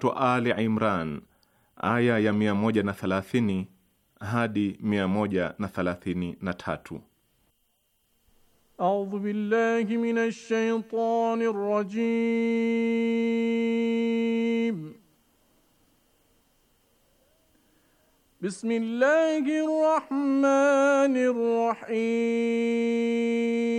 suratu Ali Imran aya ya 130 hadi 133. A'udhu billahi minash shaitani rajim. Bismillahir rahmanir rahim.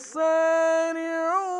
وسارعوا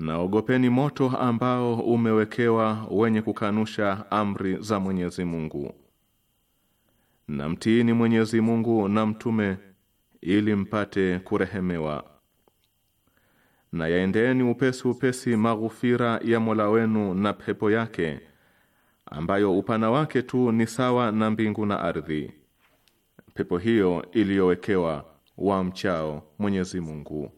Naogopeni moto ambao umewekewa wenye kukanusha amri za Mwenyezi Mungu. Na mtiini Mwenyezi Mungu na mtume ili mpate kurehemewa. Na yaendeeni upesi upesi maghufira ya Mola wenu na pepo yake ambayo upana wake tu ni sawa na mbingu na ardhi. Pepo hiyo iliyowekewa wamchao Mwenyezi Mungu.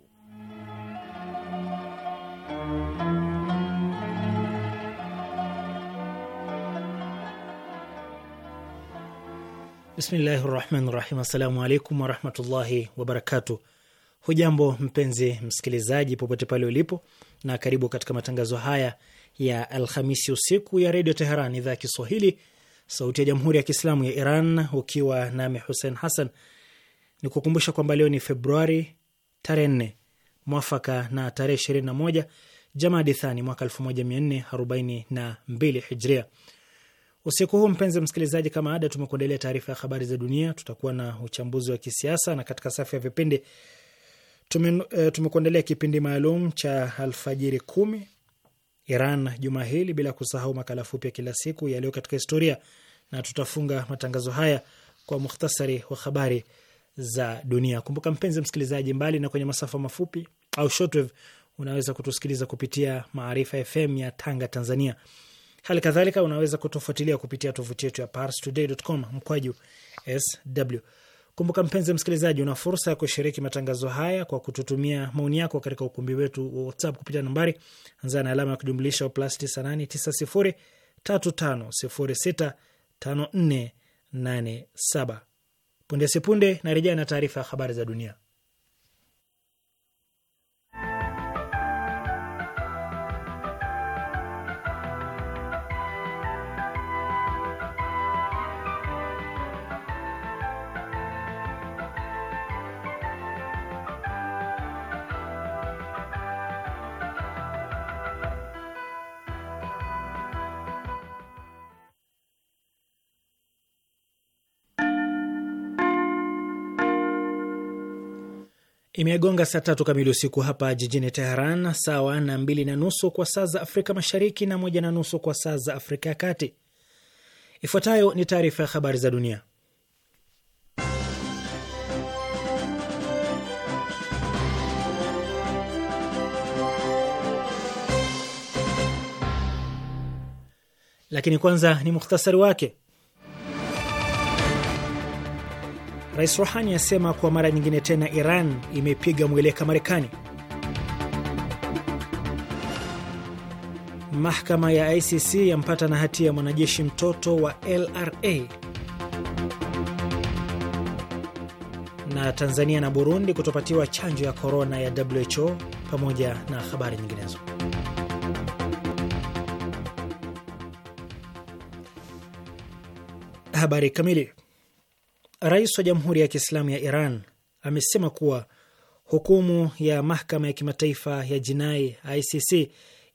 Bismillahi rahmani rahim. Assalamu alaikum warahmatullahi wabarakatu. Hujambo mpenzi msikilizaji, popote pale ulipo, na karibu katika matangazo haya ya Alhamisi usiku ya Redio Teheran, idhaa ya Kiswahili, sauti ya Jamhuri ya Kiislamu ya Iran, ukiwa nami Hussein Hassan. Ni kukumbusha kwamba leo ni Februari tarehe 4 mwafaka na tarehe 21 Jamadi Thani mwaka 1442 Hijria. Usiku huu mpenzi msikilizaji, kama ada, tumekuandalia taarifa ya habari za dunia, tutakuwa na uchambuzi wa kisiasa, na katika safu ya vipindi eh, tumekuandalia kipindi maalum cha alfajiri kumi Iran juma hili, bila kusahau makala fupi ya kila siku yaliyo katika historia, na tutafunga matangazo haya kwa muhtasari wa habari za dunia. Kumbuka mpenzi msikilizaji, mbali na kwenye masafa mafupi au shortwave, unaweza kutusikiliza kupitia Maarifa FM ya Tanga, Tanzania. Hali kadhalika unaweza kutufuatilia kupitia tovuti yetu ya parstoday.com mkwaju sw. Kumbuka mpenzi msikilizaji, una fursa ya kushiriki matangazo haya kwa kututumia maoni yako katika ukumbi wetu wa WhatsApp kupitia nambari anza na alama ya kujumlisha plus 98 Punde sipunde rejea na taarifa ya habari za dunia. Imegonga saa tatu kamili usiku hapa jijini Teheran, sawa na mbili na nusu kwa saa za Afrika Mashariki na moja na nusu kwa saa za Afrika ya Kati. Ifuatayo ni taarifa ya habari za dunia, lakini kwanza ni mukhtasari wake. Rais Rohani asema kwa mara nyingine tena Iran imepiga mweleka Marekani. Mahakama ya ICC yampata na hatia ya mwanajeshi mtoto wa LRA. Na Tanzania na Burundi kutopatiwa chanjo ya korona ya WHO, pamoja na habari nyinginezo. Habari kamili Rais wa Jamhuri ya Kiislamu ya Iran amesema kuwa hukumu ya mahakama ya kimataifa ya jinai ICC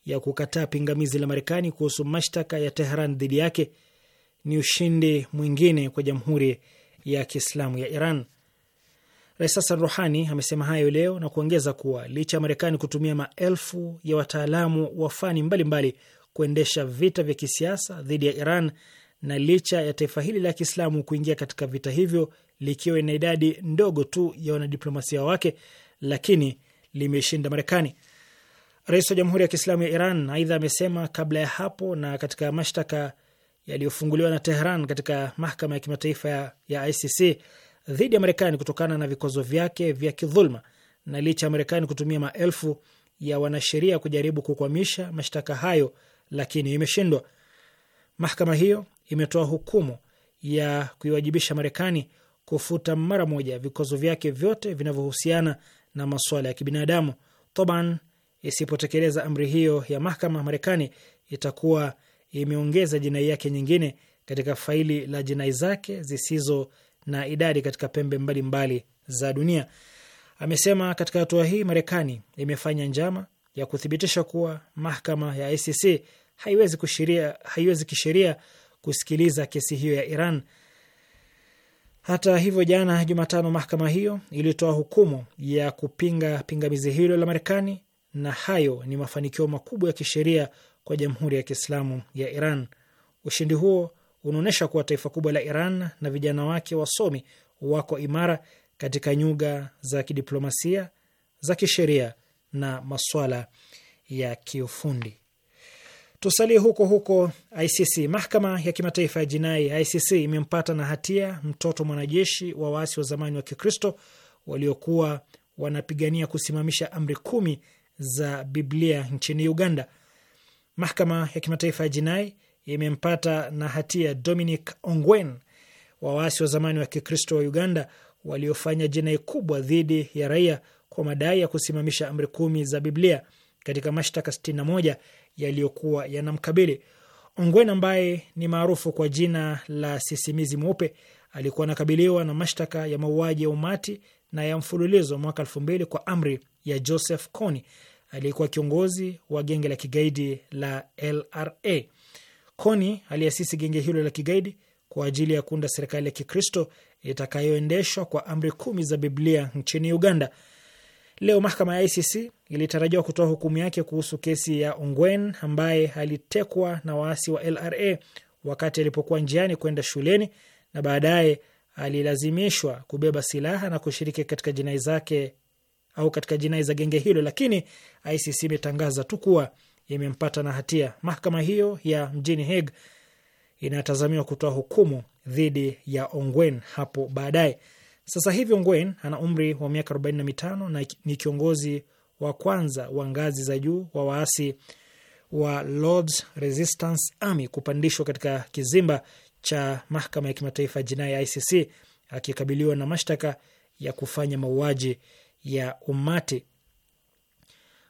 ya kukataa pingamizi la Marekani kuhusu mashtaka ya Tehran dhidi yake ni ushindi mwingine kwa Jamhuri ya Kiislamu ya Iran. Rais Hassan Rohani amesema hayo leo na kuongeza kuwa licha ya Marekani kutumia maelfu ya wataalamu wa fani mbalimbali kuendesha vita vya kisiasa dhidi ya Iran na licha ya taifa hili la Kiislamu kuingia katika vita hivyo likiwa ina idadi ndogo tu ya wanadiplomasia wake, lakini limeshinda Marekani. Rais wa Jamhuri ya Kiislamu ya Iran aidha amesema kabla ya hapo na katika mashtaka yaliyofunguliwa na Tehran katika mahakama ya kimataifa ya, ya ICC dhidi ya Marekani kutokana na vikwazo vyake vya kidhulma, na licha ya Marekani kutumia maelfu ya wanasheria kujaribu kukwamisha mashtaka hayo, lakini imeshindwa. Mahakama hiyo imetoa hukumu ya kuiwajibisha Marekani kufuta mara moja vikwazo vyake vyote vinavyohusiana na masuala ya kibinadamu. Toban isipotekeleza amri hiyo ya mahakama, Marekani itakuwa imeongeza jinai yake nyingine katika faili la jinai zake zisizo na idadi katika pembe mbalimbali mbali za dunia. Amesema katika hatua hii Marekani imefanya njama ya kuthibitisha kuwa mahakama ya ICC haiwezi kisheria kusikiliza kesi hiyo ya Iran. Hata hivyo, jana Jumatano, mahakama hiyo ilitoa hukumu ya kupinga pingamizi hilo la Marekani, na hayo ni mafanikio makubwa ya kisheria kwa Jamhuri ya Kiislamu ya Iran. Ushindi huo unaonyesha kuwa taifa kubwa la Iran na vijana wake wasomi wako imara katika nyuga za kidiplomasia, za kisheria na maswala ya kiufundi. Tusalie huko huko ICC. Mahakama ya kimataifa ya jinai ICC imempata na hatia mtoto mwanajeshi wa waasi wa zamani wa Kikristo waliokuwa wanapigania kusimamisha amri kumi za Biblia nchini Uganda. Mahakama ya kimataifa ya jinai imempata na hatia Dominic Ongwen wa waasi wa zamani wa Kikristo wa Uganda waliofanya jinai kubwa dhidi ya raia kwa madai ya kusimamisha amri kumi za Biblia katika mashtaka 61 yaliyokuwa yanamkabili. Ongwen ambaye ni maarufu kwa jina la sisimizi mweupe alikuwa anakabiliwa na mashtaka ya mauaji ya umati na ya mfululizo mwaka elfu mbili kwa amri ya Joseph Kony aliyekuwa kiongozi wa genge la kigaidi la LRA. Kony aliasisi genge hilo la kigaidi kwa ajili ya kuunda serikali ya Kikristo itakayoendeshwa kwa amri kumi za Biblia nchini Uganda. Leo mahakama ya ICC ilitarajiwa kutoa hukumu yake kuhusu kesi ya Ongwen ambaye alitekwa na waasi wa LRA wakati alipokuwa njiani kwenda shuleni na baadaye alilazimishwa kubeba silaha na kushiriki katika jinai zake au katika jinai za genge hilo, lakini ICC imetangaza tu kuwa imempata na hatia. Mahakama hiyo ya mjini Hague inatazamiwa kutoa hukumu dhidi ya Ongwen hapo baadaye. Sasa hivi Ongwen ana umri wa miaka 45 na ni kiongozi wa kwanza wa ngazi za juu wa waasi wa Lords Resistance Army kupandishwa katika kizimba cha mahakama ya kimataifa jinai ICC akikabiliwa na mashtaka ya kufanya mauaji ya umati.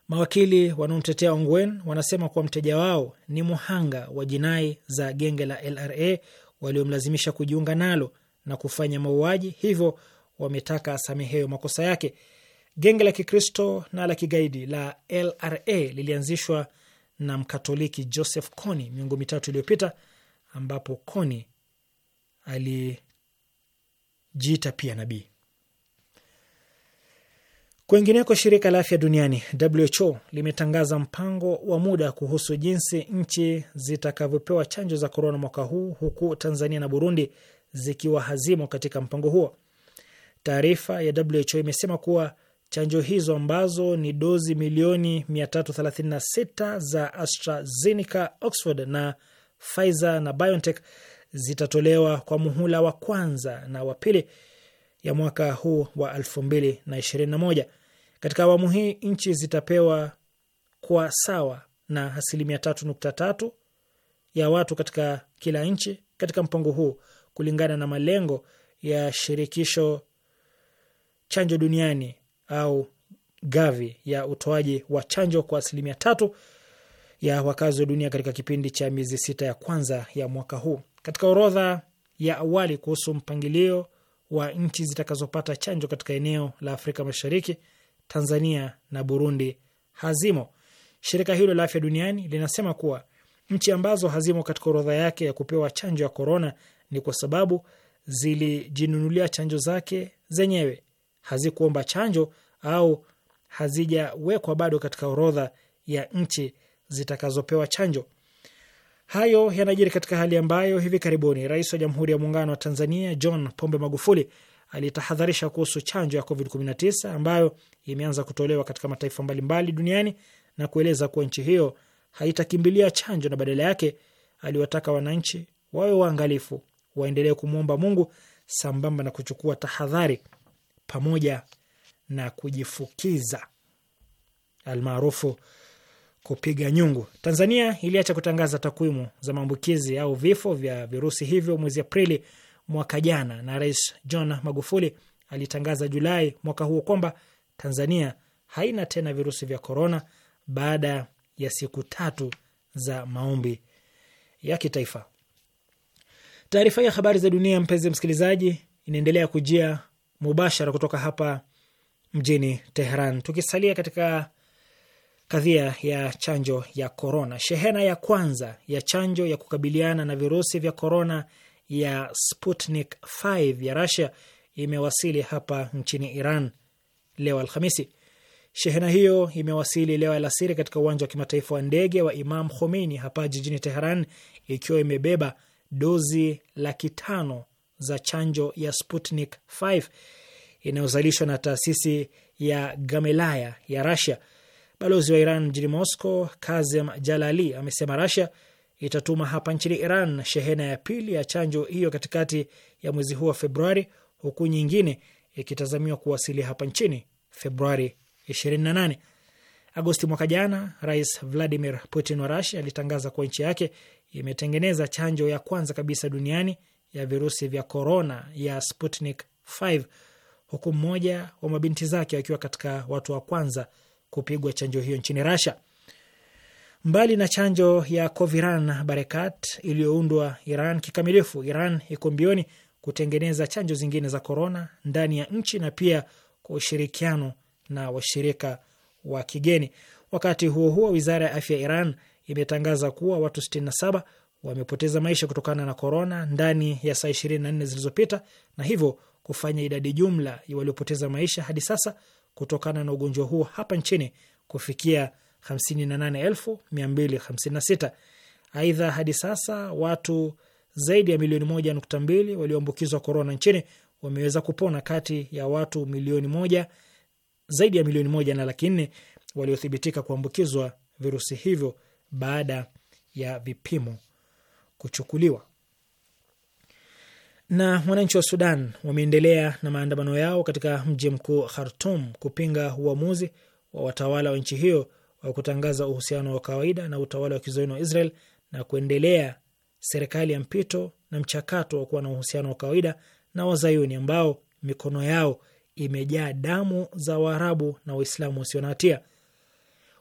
Mawakili wanaomtetea Ongwen wanasema kuwa mteja wao ni muhanga wa jinai za genge la LRA waliomlazimisha kujiunga nalo na kufanya mauaji, hivyo wametaka asameheyo makosa yake. Genge la Kikristo na la kigaidi la LRA lilianzishwa na Mkatoliki Joseph Kony miongo mitatu iliyopita, ambapo Kony alijiita pia nabii. Kwengineko, shirika la afya duniani WHO limetangaza mpango wa muda kuhusu jinsi nchi zitakavyopewa chanjo za korona mwaka huu, huku Tanzania na Burundi zikiwa hazimo katika mpango huo. Taarifa ya WHO imesema kuwa chanjo hizo ambazo ni dozi milioni 336 za AstraZeneca, Oxford na Pfizer na BioNTech zitatolewa kwa muhula wa kwanza na wa pili ya mwaka huu wa 2021. Katika awamu hii nchi zitapewa kwa sawa na asilimia 3.3 ya watu katika kila nchi katika mpango huu kulingana na malengo ya shirikisho chanjo duniani au Gavi ya utoaji wa chanjo kwa asilimia tatu ya wakazi wa dunia katika kipindi cha miezi sita ya kwanza ya mwaka huu. Katika orodha ya awali kuhusu mpangilio wa nchi zitakazopata chanjo katika eneo la Afrika Mashariki, Tanzania na Burundi hazimo. Shirika hilo la afya duniani linasema kuwa nchi ambazo hazimo katika orodha yake ya kupewa chanjo ya korona ni kwa sababu zilijinunulia chanjo zake zenyewe, hazikuomba chanjo au hazijawekwa bado katika orodha ya nchi zitakazopewa chanjo. Hayo yanajiri katika hali ambayo hivi karibuni Rais wa Jamhuri ya Muungano wa Tanzania John Pombe Magufuli alitahadharisha kuhusu chanjo ya COVID-19 ambayo imeanza kutolewa katika mataifa mbalimbali duniani na kueleza kuwa nchi hiyo haitakimbilia chanjo na badala yake aliwataka wananchi wawe waangalifu waendelee kumwomba Mungu sambamba na kuchukua tahadhari pamoja na kujifukiza almaarufu kupiga nyungu. Tanzania iliacha kutangaza takwimu za maambukizi au vifo vya virusi hivyo mwezi Aprili mwaka jana, na Rais John Magufuli alitangaza Julai mwaka huo kwamba Tanzania haina tena virusi vya korona baada ya siku tatu za maombi ya kitaifa. Taarifa ya habari za dunia, mpenzi msikilizaji, inaendelea kujia mubashara kutoka hapa mjini teheran Tukisalia katika kadhia ya chanjo ya korona, shehena ya kwanza ya chanjo ya kukabiliana na virusi vya korona ya Sputnik 5 ya rasia imewasili hapa nchini Iran leo Alhamisi. Shehena hiyo imewasili leo alasiri katika uwanja wa kimataifa wa ndege wa Imam Khomeini hapa jijini Teheran, ikiwa imebeba dozi laki tano za chanjo ya Sputnik 5 inayozalishwa na taasisi ya Gamelaya ya Rasia. Balozi wa Iran mjini Moscow, Kazem Jalali, amesema Rasia itatuma hapa nchini Iran shehena ya pili ya chanjo hiyo katikati ya mwezi huu wa Februari, huku nyingine ikitazamiwa kuwasili hapa nchini Februari 28. Agosti mwaka jana, Rais Vladimir Putin wa Rasia alitangaza kuwa nchi yake imetengeneza chanjo ya kwanza kabisa duniani ya virusi vya korona ya Sputnik 5 huku mmoja wa mabinti zake akiwa katika watu wa kwanza kupigwa chanjo hiyo nchini Rasha. Mbali na chanjo ya Coviran Barekat iliyoundwa Iran kikamilifu, Iran iko mbioni kutengeneza chanjo zingine za korona ndani ya nchi na pia kwa ushirikiano na washirika wa kigeni. Wakati huo huo, wizara ya afya ya Iran imetangaza kuwa watu 67 wamepoteza maisha kutokana na korona ndani ya saa 24 zilizopita na hivyo kufanya idadi jumla ya waliopoteza maisha hadi sasa kutokana na ugonjwa huo hapa nchini kufikia 58256. Aidha, hadi sasa watu zaidi ya milioni moja nukta mbili walioambukizwa korona nchini wameweza kupona kati ya watu milioni moja zaidi ya milioni moja na laki nne waliothibitika kuambukizwa virusi hivyo baada ya vipimo kuchukuliwa. Na wananchi wa Sudan wameendelea na maandamano yao katika mji mkuu Khartum kupinga uamuzi wa watawala wa nchi hiyo wa kutangaza uhusiano wa kawaida na utawala wa kizayuni wa Israel na kuendelea serikali ya mpito na mchakato wa kuwa na uhusiano wa kawaida na wazayuni ambao mikono yao imejaa damu za Waarabu na Waislamu wasio na hatia.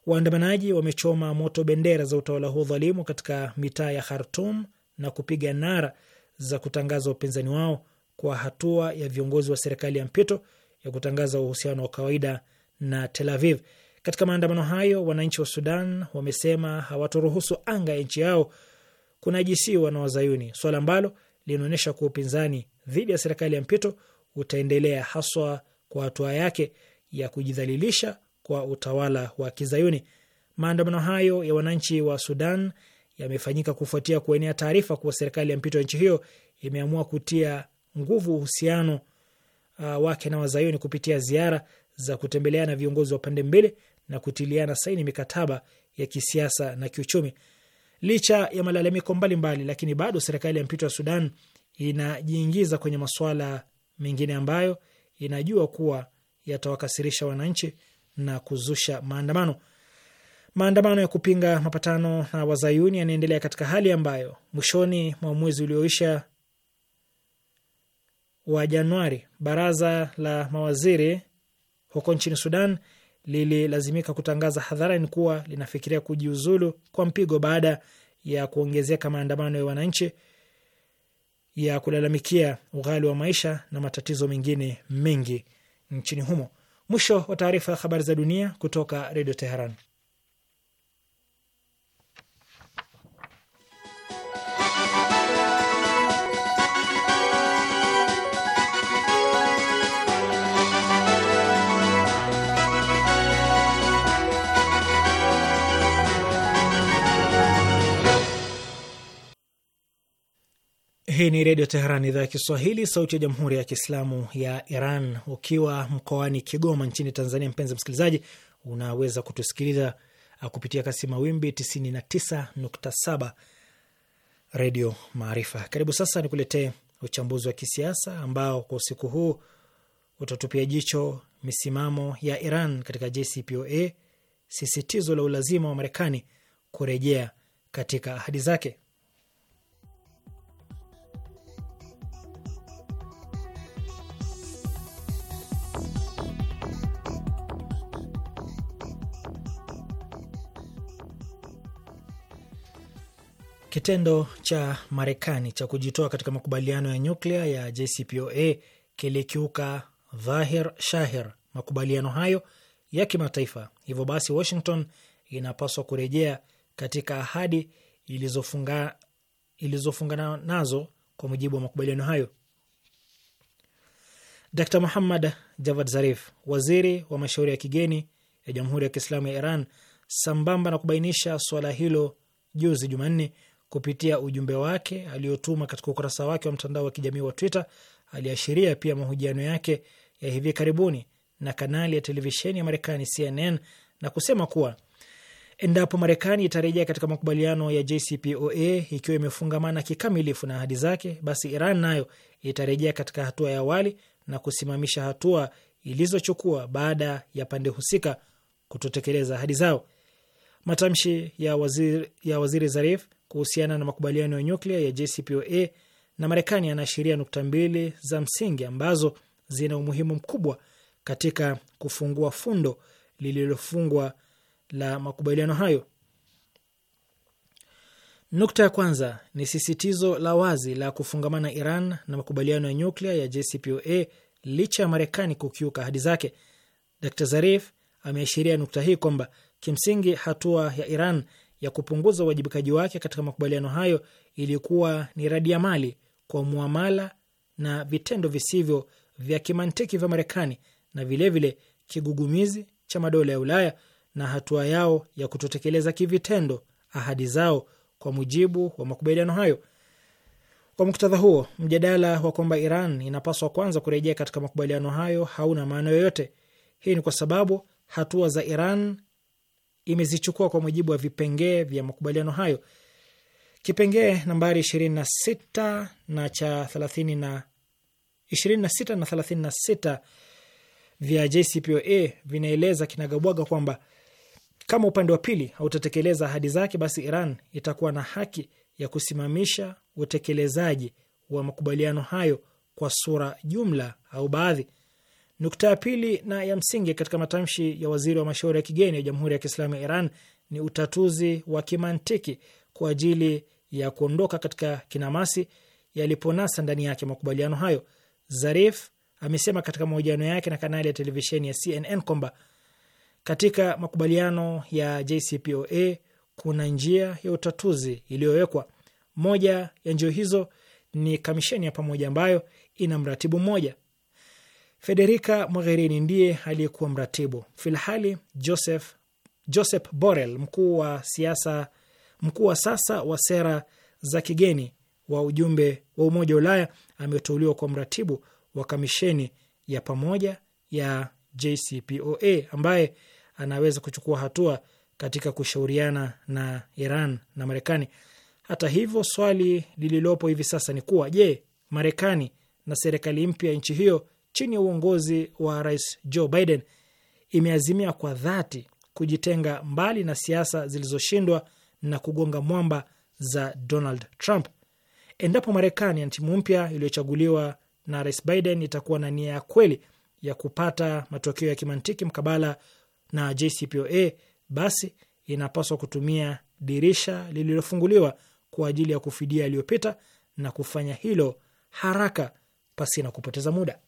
Waandamanaji wamechoma moto bendera za utawala huo dhalimu katika mitaa ya Khartum na kupiga nara za kutangaza upinzani wao kwa hatua ya viongozi wa serikali ya mpito ya kutangaza uhusiano wa kawaida na Tel Aviv. Katika maandamano hayo, wananchi wa Sudan wamesema hawatoruhusu anga ya nchi yao kunajisiwa na Wazayuni, swala ambalo linaonyesha kuwa upinzani dhidi ya serikali ya mpito utaendelea haswa kwa hatua yake ya kujidhalilisha kwa utawala wa Kizayuni. Maandamano hayo ya wananchi wa Sudan yamefanyika kufuatia kuenea taarifa kuwa serikali ya mpito ya nchi hiyo imeamua kutia nguvu uhusiano uh, wake na Wazayuni kupitia ziara za kutembeleana viongozi wa pande mbili na kutiliana saini mikataba ya kisiasa na kiuchumi. Licha ya malalamiko mbalimbali, lakini bado serikali ya mpito ya Sudan inajiingiza kwenye masuala mengine ambayo inajua kuwa yatawakasirisha wananchi na kuzusha maandamano. Maandamano ya kupinga mapatano na wazayuni yanaendelea katika hali ambayo mwishoni mwa mwezi ulioisha wa Januari, baraza la mawaziri huko nchini Sudan lililazimika kutangaza hadharani kuwa linafikiria kujiuzulu kwa mpigo baada ya kuongezeka maandamano ya wananchi ya kulalamikia ughali wa maisha na matatizo mengine mengi nchini humo. Mwisho wa taarifa ya habari za dunia kutoka Redio Teheran. Hii ni Redio Teheran, idhaa ya Kiswahili, sauti ya Jamhuri ya Kiislamu ya Iran. Ukiwa mkoani Kigoma nchini Tanzania, mpenzi msikilizaji, unaweza kutusikiliza uh, kupitia kasi mawimbi 99.7 Redio Maarifa. Karibu sasa nikuletee uchambuzi wa kisiasa ambao kwa usiku huu utatupia jicho misimamo ya Iran katika JCPOA, sisitizo la ulazima wa Marekani kurejea katika ahadi zake. Kitendo cha Marekani cha kujitoa katika makubaliano ya nyuklia ya JCPOA kilikiuka dhahir shahir makubaliano hayo ya kimataifa. Hivyo basi, Washington inapaswa kurejea katika ahadi ilizofungana nazo kwa mujibu wa makubaliano hayo. Dr Muhammad Javad Zarif, waziri wa mashauri ya kigeni ya Jamhuri ya Kiislamu ya Iran, sambamba na kubainisha suala hilo juzi Jumanne, kupitia ujumbe wake aliotuma katika ukurasa wake wa mtandao wa kijamii wa Twitter. Aliashiria pia mahojiano yake ya hivi karibuni na kanali ya televisheni ya Marekani CNN na kusema kuwa endapo Marekani itarejea katika makubaliano ya JCPOA ikiwa imefungamana kikamilifu na ahadi zake, basi Iran nayo itarejea katika hatua ya awali na kusimamisha hatua ilizochukua baada ya pande husika kutotekeleza ahadi zao. Matamshi ya waziri, ya waziri Zarif kuhusiana na makubaliano ya nyuklia ya JCPOA na Marekani anaashiria nukta mbili za msingi ambazo zina umuhimu mkubwa katika kufungua fundo lililofungwa la makubaliano hayo. Nukta ya kwanza ni sisitizo la wazi la kufungamana Iran na makubaliano ya nyuklia ya JCPOA licha ya Marekani kukiuka ahadi zake. Dr Zarif ameashiria nukta hii kwamba kimsingi hatua ya Iran ya kupunguza uwajibikaji wake katika makubaliano hayo ilikuwa ni radi ya mali kwa muamala na vitendo visivyo vya kimantiki vya Marekani na vilevile vile kigugumizi cha madola ya Ulaya na hatua yao ya kutotekeleza kivitendo ahadi zao kwa mujibu wa makubaliano hayo. Kwa muktadha huo, mjadala wa kwamba Iran inapaswa kwanza kurejea katika makubaliano hayo hauna maana yoyote. Hii ni kwa sababu hatua za Iran imezichukua kwa mujibu wa vipengee vya makubaliano hayo. Kipengee nambari 26 na cha 30 na 26 na 36 vya JCPOA vinaeleza kinagabwaga kwamba kama upande wa pili hautatekeleza ahadi zake, basi Iran itakuwa na haki ya kusimamisha utekelezaji wa makubaliano hayo kwa sura jumla au baadhi. Nukta ya pili na ya msingi katika matamshi ya waziri wa mashauri ya kigeni ya Jamhuri ya Kiislamu ya Iran ni utatuzi wa kimantiki kwa ajili ya kuondoka katika kinamasi yaliponasa ndani yake makubaliano hayo. Zarif amesema katika mahojiano yake na kanali ya televisheni ya CNN kwamba katika makubaliano ya JCPOA kuna njia ya utatuzi iliyowekwa. Moja ya njia hizo ni kamisheni ya pamoja ambayo ina mratibu mmoja. Federica Mogherini ndiye aliyekuwa mratibu, filhali Joseph, Joseph Borrell mkuu wa siasa, mkuu wa sasa wa sera za kigeni wa ujumbe wa Umoja wa Ulaya ameteuliwa kwa mratibu wa kamisheni ya pamoja ya JCPOA ambaye anaweza kuchukua hatua katika kushauriana na Iran na Marekani. Hata hivyo, swali lililopo hivi sasa ni kuwa je, Marekani na serikali mpya ya nchi hiyo chini ya uongozi wa Rais Joe Biden imeazimia kwa dhati kujitenga mbali na siasa zilizoshindwa na kugonga mwamba za Donald Trump. Endapo Marekani ya timu mpya iliyochaguliwa na Rais Biden itakuwa na nia ya kweli ya kupata matokeo ya kimantiki mkabala na JCPOA, basi inapaswa kutumia dirisha lililofunguliwa kwa ajili ya kufidia yaliyopita na kufanya hilo haraka pasina kupoteza muda.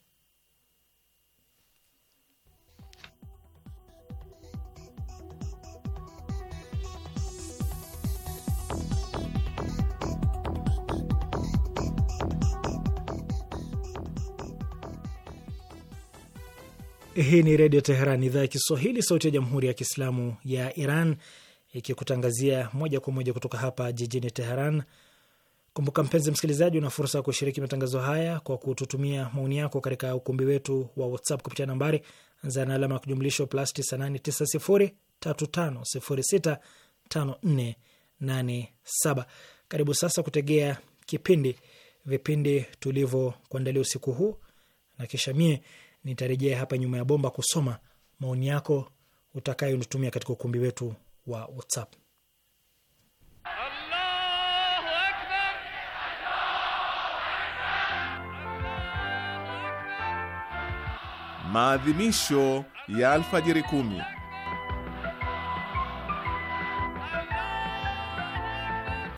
Hii ni Redio Teheran, idhaa ya Kiswahili, sauti ya Jamhuri ya Kiislamu ya Iran, ikikutangazia moja kwa moja kutoka hapa jijini Teheran. Kumbuka mpenzi msikilizaji, una fursa ya kushiriki matangazo haya kwa kututumia maoni yako katika ukumbi wetu wa WhatsApp kupitia nambari za na alama ya kujumlisha plus 989035065487. Karibu sasa kutegea kipindi vipindi tulivyokuandalia usiku huu na kisha mie nitarejea hapa nyuma ya bomba kusoma maoni yako utakayonitumia katika ukumbi wetu wa WhatsApp. Maadhimisho ya alfajiri kumi.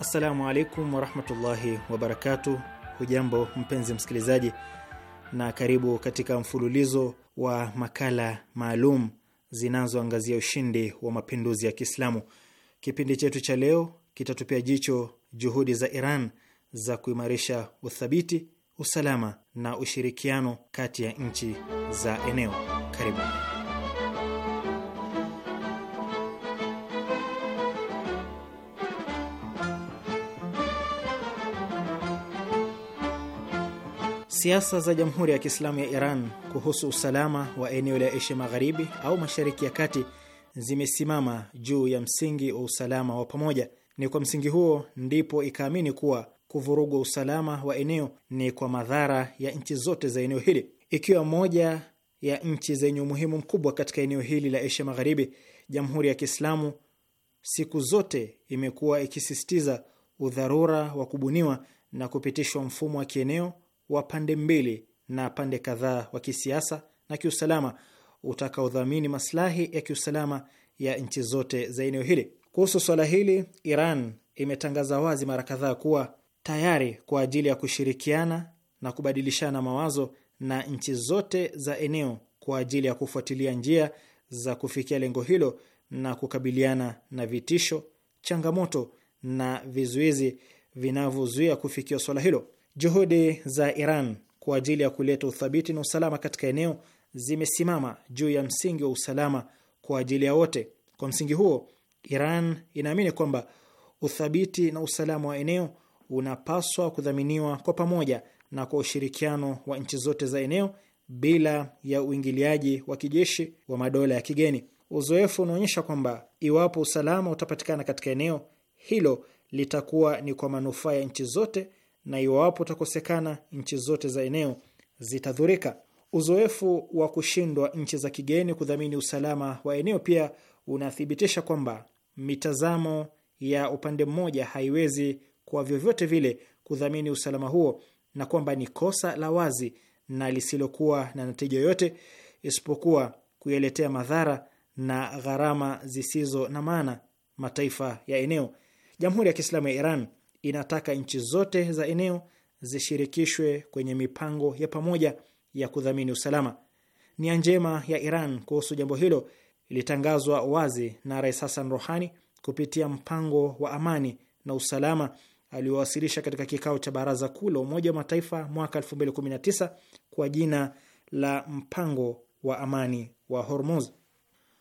Assalamu alaikum warahmatullahi wabarakatuh. Hujambo mpenzi msikilizaji na karibu katika mfululizo wa makala maalum zinazoangazia ushindi wa mapinduzi ya Kiislamu. Kipindi chetu cha leo kitatupia jicho juhudi za Iran za kuimarisha uthabiti, usalama na ushirikiano kati ya nchi za eneo. Karibu. Siasa za Jamhuri ya Kiislamu ya Iran kuhusu usalama wa eneo la Asia Magharibi au Mashariki ya Kati zimesimama juu ya msingi wa usalama wa pamoja. Ni kwa msingi huo ndipo ikaamini kuwa kuvurugwa usalama wa eneo ni kwa madhara ya nchi zote za eneo hili. Ikiwa moja ya nchi zenye umuhimu mkubwa katika eneo hili la Asia Magharibi, Jamhuri ya Kiislamu siku zote imekuwa ikisisitiza udharura wa kubuniwa na kupitishwa mfumo wa kieneo wa pande mbili na pande kadhaa wa kisiasa na kiusalama utakaodhamini maslahi ya kiusalama ya nchi zote za eneo hili. Kuhusu swala hili, Iran imetangaza wazi mara kadhaa kuwa tayari kwa ajili ya kushirikiana na kubadilishana mawazo na nchi zote za eneo kwa ajili ya kufuatilia njia za kufikia lengo hilo na kukabiliana na vitisho, changamoto na vizuizi vinavyozuia kufikia swala hilo. Juhudi za Iran kwa ajili ya kuleta uthabiti na usalama katika eneo zimesimama juu ya msingi wa usalama kwa ajili ya wote. Kwa msingi huo, Iran inaamini kwamba uthabiti na usalama wa eneo unapaswa kudhaminiwa kwa pamoja na kwa ushirikiano wa nchi zote za eneo bila ya uingiliaji wa kijeshi wa madola ya kigeni. Uzoefu unaonyesha kwamba iwapo usalama utapatikana katika eneo hilo, litakuwa ni kwa manufaa ya nchi zote na iwapo utakosekana, nchi zote za eneo zitadhurika. Uzoefu wa kushindwa nchi za kigeni kudhamini usalama wa eneo pia unathibitisha kwamba mitazamo ya upande mmoja haiwezi kwa vyovyote vile kudhamini usalama huo na kwamba ni kosa la wazi na lisilokuwa na natija yoyote isipokuwa kuiletea madhara na gharama zisizo na maana mataifa ya eneo. Jamhuri ya Kiislamu ya Iran inataka nchi zote za eneo zishirikishwe kwenye mipango ya pamoja ya kudhamini usalama. Nia njema ya Iran kuhusu jambo hilo ilitangazwa wazi na Rais Hassan Rohani kupitia mpango wa amani na usalama aliowasilisha katika kikao cha Baraza Kuu la Umoja wa Mataifa mwaka 2019 kwa jina la mpango wa amani wa Hormuz.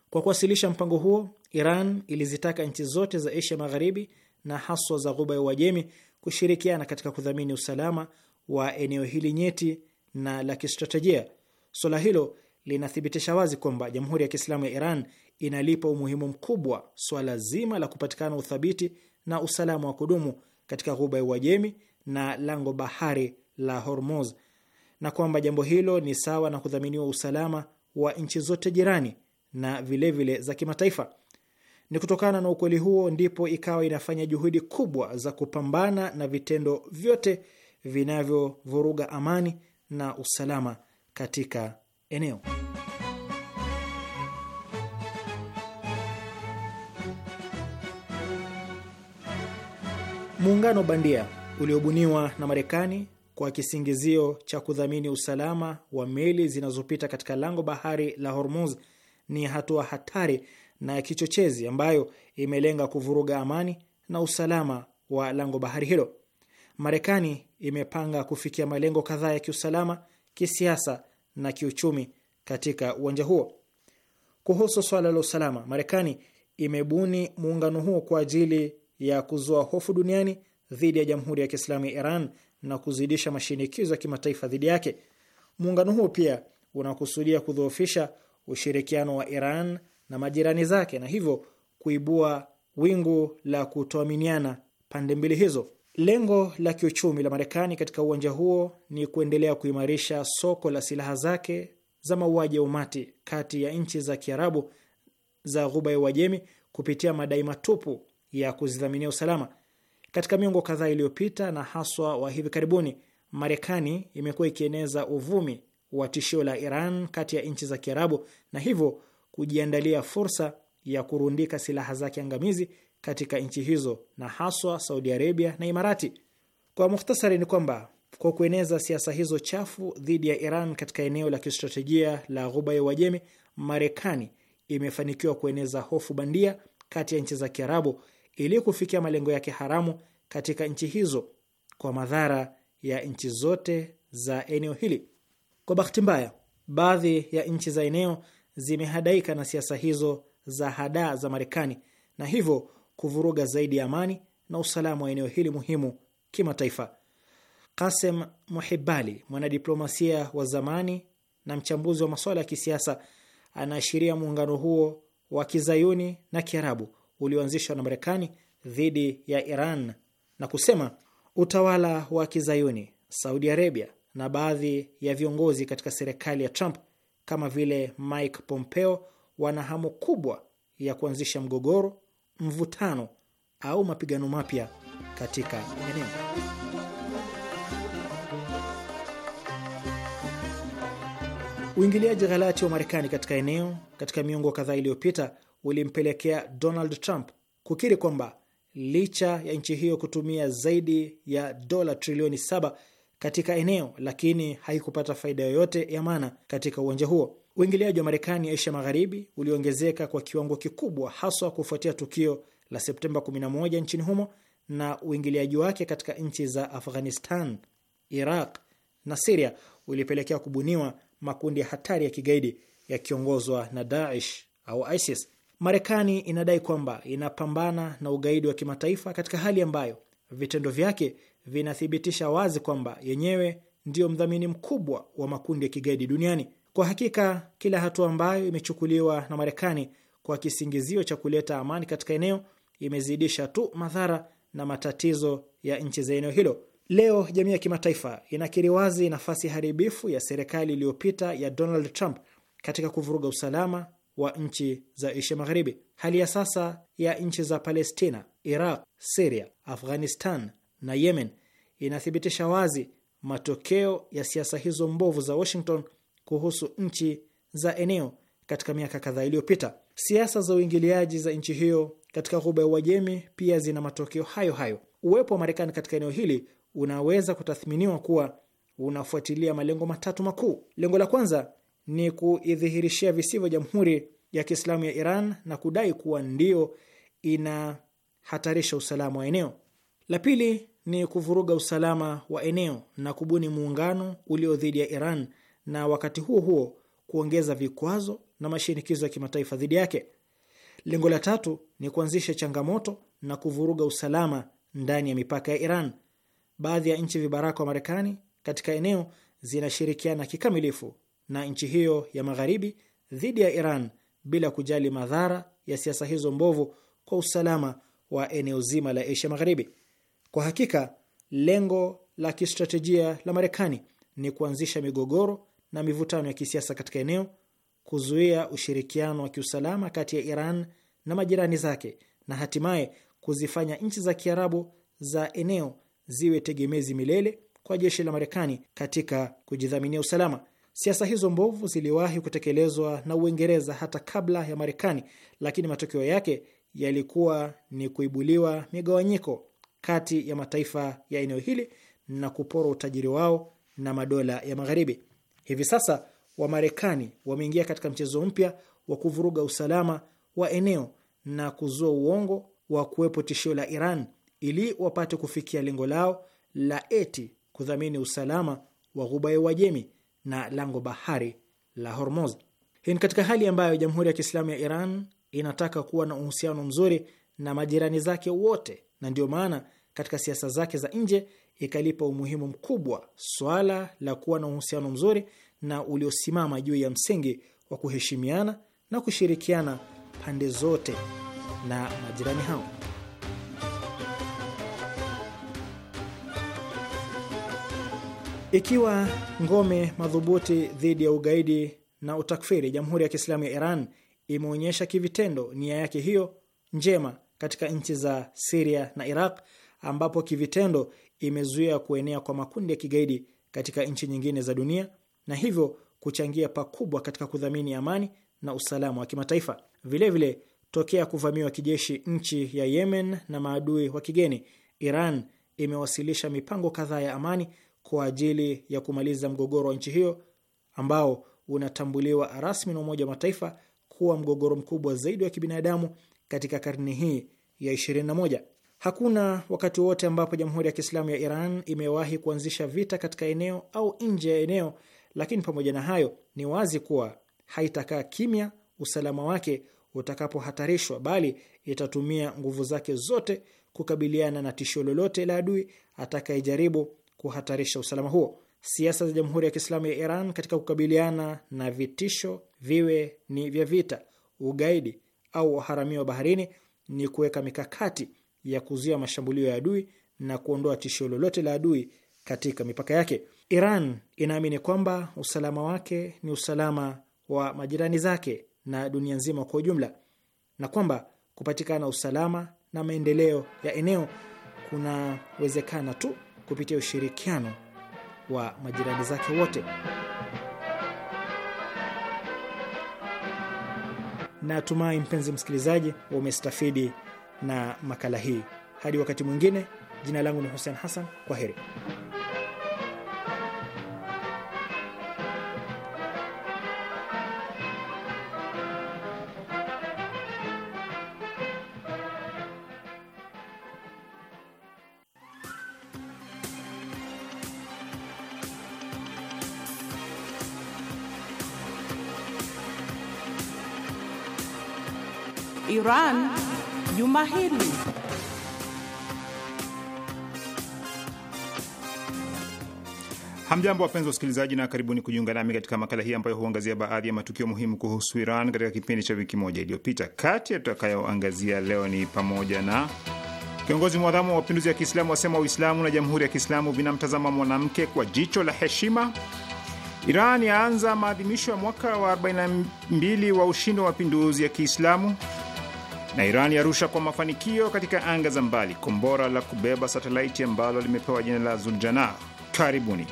Kwa kuwasilisha mpango huo, Iran ilizitaka nchi zote za Asia Magharibi na haswa za Ghuba ya Uajemi kushirikiana katika kudhamini usalama wa eneo hili nyeti na la kistratejia. Swala hilo linathibitisha wazi kwamba Jamhuri ya Kiislamu ya Iran inalipa umuhimu mkubwa swala zima la kupatikana uthabiti na usalama wa kudumu katika Ghuba ya Uajemi na lango bahari la Hormuz, na kwamba jambo hilo ni sawa na kudhaminiwa usalama wa nchi zote jirani na vilevile vile za kimataifa. Ni kutokana na ukweli huo ndipo ikawa inafanya juhudi kubwa za kupambana na vitendo vyote vinavyovuruga amani na usalama katika eneo. Muungano bandia uliobuniwa na Marekani kwa kisingizio cha kudhamini usalama wa meli zinazopita katika lango bahari la Hormuz ni hatua hatari na ya kichochezi ambayo imelenga kuvuruga amani na usalama wa lango bahari hilo. Marekani imepanga kufikia malengo kadhaa ya kiusalama, kisiasa na kiuchumi katika uwanja huo. Kuhusu swala la usalama, Marekani imebuni muungano huo kwa ajili ya kuzua hofu duniani dhidi ya Jamhuri ya Kiislamu ya Iran na kuzidisha mashinikizo ya kimataifa dhidi yake. Muungano huo pia unakusudia kudhoofisha ushirikiano wa Iran na majirani zake na hivyo kuibua wingu la kutoaminiana pande mbili hizo. Lengo la kiuchumi la Marekani katika uwanja huo ni kuendelea kuimarisha soko la silaha zake za mauaji ya umati kati ya nchi za Kiarabu za Ghuba ya Uajemi kupitia madai matupu ya kuzidhaminia usalama. Katika miongo kadhaa iliyopita na haswa wa hivi karibuni, Marekani imekuwa ikieneza uvumi wa tishio la Iran kati ya nchi za Kiarabu na hivyo kujiandalia fursa ya kurundika silaha zake angamizi katika nchi hizo na haswa Saudi Arabia na Imarati. Kwa muhtasari, ni kwamba kwa kueneza siasa hizo chafu dhidi ya Iran katika eneo la kistratejia la Ghuba ya Uajemi, Marekani imefanikiwa kueneza hofu bandia kati ya nchi za Kiarabu ili kufikia malengo yake haramu katika nchi hizo kwa madhara ya nchi zote za eneo hili. Kwa bahati mbaya, baadhi ya nchi za eneo zimehadaika na siasa hizo za hadaa za Marekani na hivyo kuvuruga zaidi ya amani na usalama wa eneo hili muhimu kimataifa. Kasem Muhibali, mwanadiplomasia wa zamani na mchambuzi wa masuala ya kisiasa, anaashiria muungano huo wa kizayuni na kiarabu ulioanzishwa na Marekani dhidi ya Iran na kusema utawala wa kizayuni, Saudi Arabia na baadhi ya viongozi katika serikali ya Trump kama vile Mike Pompeo wana hamu kubwa ya kuanzisha mgogoro, mvutano au mapigano mapya katika eneo. Uingiliaji ghalati wa Marekani katika eneo katika miongo kadhaa iliyopita ulimpelekea Donald Trump kukiri kwamba licha ya nchi hiyo kutumia zaidi ya dola trilioni saba katika eneo, lakini haikupata faida yoyote ya maana katika uwanja huo. Uingiliaji wa Marekani Asia Magharibi uliongezeka kwa kiwango kikubwa, haswa kufuatia tukio la Septemba 11 nchini humo na uingiliaji wake katika nchi za Afghanistan, Iraq na Siria ulipelekea kubuniwa makundi ya hatari ya kigaidi yakiongozwa na Daesh au ISIS. Marekani inadai kwamba inapambana na ugaidi wa kimataifa katika hali ambayo vitendo vyake vinathibitisha wazi kwamba yenyewe ndiyo mdhamini mkubwa wa makundi ya kigaidi duniani. Kwa hakika, kila hatua ambayo imechukuliwa na Marekani kwa kisingizio cha kuleta amani katika eneo imezidisha tu madhara na matatizo ya nchi za eneo hilo. Leo jamii ya kimataifa inakiri wazi nafasi haribifu ya serikali iliyopita ya Donald Trump katika kuvuruga usalama wa nchi za Asia Magharibi. Hali ya sasa ya nchi za Palestina, Iraq, Siria, Afghanistan, na Yemen inathibitisha wazi matokeo ya siasa hizo mbovu za Washington kuhusu nchi za eneo katika miaka kadhaa iliyopita. Siasa za uingiliaji za nchi hiyo katika ghuba ya Uajemi pia zina matokeo hayo hayo. Uwepo wa Marekani katika eneo hili unaweza kutathminiwa kuwa unafuatilia malengo matatu makuu. Lengo la kwanza ni kuidhihirishia visivyo Jamhuri ya Kiislamu ya Iran na kudai kuwa ndio inahatarisha usalama wa eneo. La pili ni kuvuruga usalama wa eneo na kubuni muungano ulio dhidi ya Iran na wakati huo huo kuongeza vikwazo na mashinikizo ya kimataifa dhidi yake. Lengo la tatu ni kuanzisha changamoto na kuvuruga usalama ndani ya mipaka ya Iran. Baadhi ya nchi vibaraka wa Marekani katika eneo zinashirikiana kikamilifu na nchi hiyo ya magharibi dhidi ya Iran bila kujali madhara ya siasa hizo mbovu kwa usalama wa eneo zima la Asia Magharibi. Kwa hakika lengo la kistratejia la Marekani ni kuanzisha migogoro na mivutano ya kisiasa katika eneo, kuzuia ushirikiano wa kiusalama kati ya Iran na majirani zake, na hatimaye kuzifanya nchi za Kiarabu za eneo ziwe tegemezi milele kwa jeshi la Marekani katika kujidhaminia usalama. Siasa hizo mbovu ziliwahi kutekelezwa na Uingereza hata kabla ya Marekani, lakini matokeo yake yalikuwa ni kuibuliwa migawanyiko kati ya mataifa ya eneo hili na kupora utajiri wao na madola ya magharibi. Hivi sasa Wamarekani wameingia katika mchezo mpya wa kuvuruga usalama wa eneo na kuzua uongo wa kuwepo tishio la Iran ili wapate kufikia lengo lao la eti kudhamini usalama wa ghuba ya Uajemi na lango bahari la Hormuz. Hii ni katika hali ambayo Jamhuri ya Kiislamu ya Iran inataka kuwa na uhusiano mzuri na majirani zake wote na ndiyo maana katika siasa zake za nje ikalipa umuhimu mkubwa swala la kuwa na uhusiano mzuri na uliosimama juu ya msingi wa kuheshimiana na kushirikiana pande zote na majirani hao. Ikiwa ngome madhubuti dhidi ya ugaidi na utakfiri, Jamhuri ya Kiislamu ya Iran imeonyesha kivitendo nia yake hiyo njema katika nchi za Siria na Iraq, ambapo kivitendo imezuia kuenea kwa makundi ya kigaidi katika nchi nyingine za dunia na hivyo kuchangia pakubwa katika kudhamini amani na usalama wa kimataifa. Vilevile, tokea kuvamiwa kijeshi nchi ya Yemen na maadui wa kigeni, Iran imewasilisha mipango kadhaa ya amani kwa ajili ya kumaliza mgogoro wa nchi hiyo ambao unatambuliwa rasmi na Umoja wa Mataifa kuwa mgogoro mkubwa zaidi wa kibinadamu katika karne hii ya 21. Hakuna wakati wowote ambapo Jamhuri ya Kiislamu ya Iran imewahi kuanzisha vita katika eneo au nje ya eneo, lakini pamoja na hayo ni wazi kuwa haitakaa kimya usalama wake utakapohatarishwa, bali itatumia nguvu zake zote kukabiliana na tishio lolote la adui atakayejaribu kuhatarisha usalama huo. Siasa za Jamhuri ya Kiislamu ya Iran katika kukabiliana na vitisho, viwe ni vya vita, ugaidi au waharamia wa baharini ni kuweka mikakati ya kuzuia mashambulio ya adui na kuondoa tishio lolote la adui katika mipaka yake. Iran inaamini kwamba usalama wake ni usalama wa majirani zake na dunia nzima kwa ujumla, na kwamba kupatikana usalama na maendeleo ya eneo kunawezekana tu kupitia ushirikiano wa majirani zake wote. natumai mpenzi msikilizaji umestafidi na makala hii. Hadi wakati mwingine, jina langu ni Hussein Hassan, kwa heri. Iran juma hili. Hamjambo, wapenzi wasikilizaji, usikilizaji, na karibuni kujiunga nami katika makala hii ambayo huangazia baadhi ya matukio muhimu kuhusu Iran katika kipindi cha wiki moja iliyopita. Kati ya tutakayoangazia leo ni pamoja na kiongozi mwadhamu wa mapinduzi ya Kiislamu wasema Uislamu na Jamhuri ya Kiislamu vinamtazama mwanamke kwa jicho la heshima. Iran yaanza maadhimisho ya mwaka wa 42 wa ushindi wa mapinduzi ya Kiislamu. Na Iran yarusha kwa mafanikio katika anga za mbali kombora la kubeba satelaiti ambalo limepewa jina la Zuljana. Karibuni.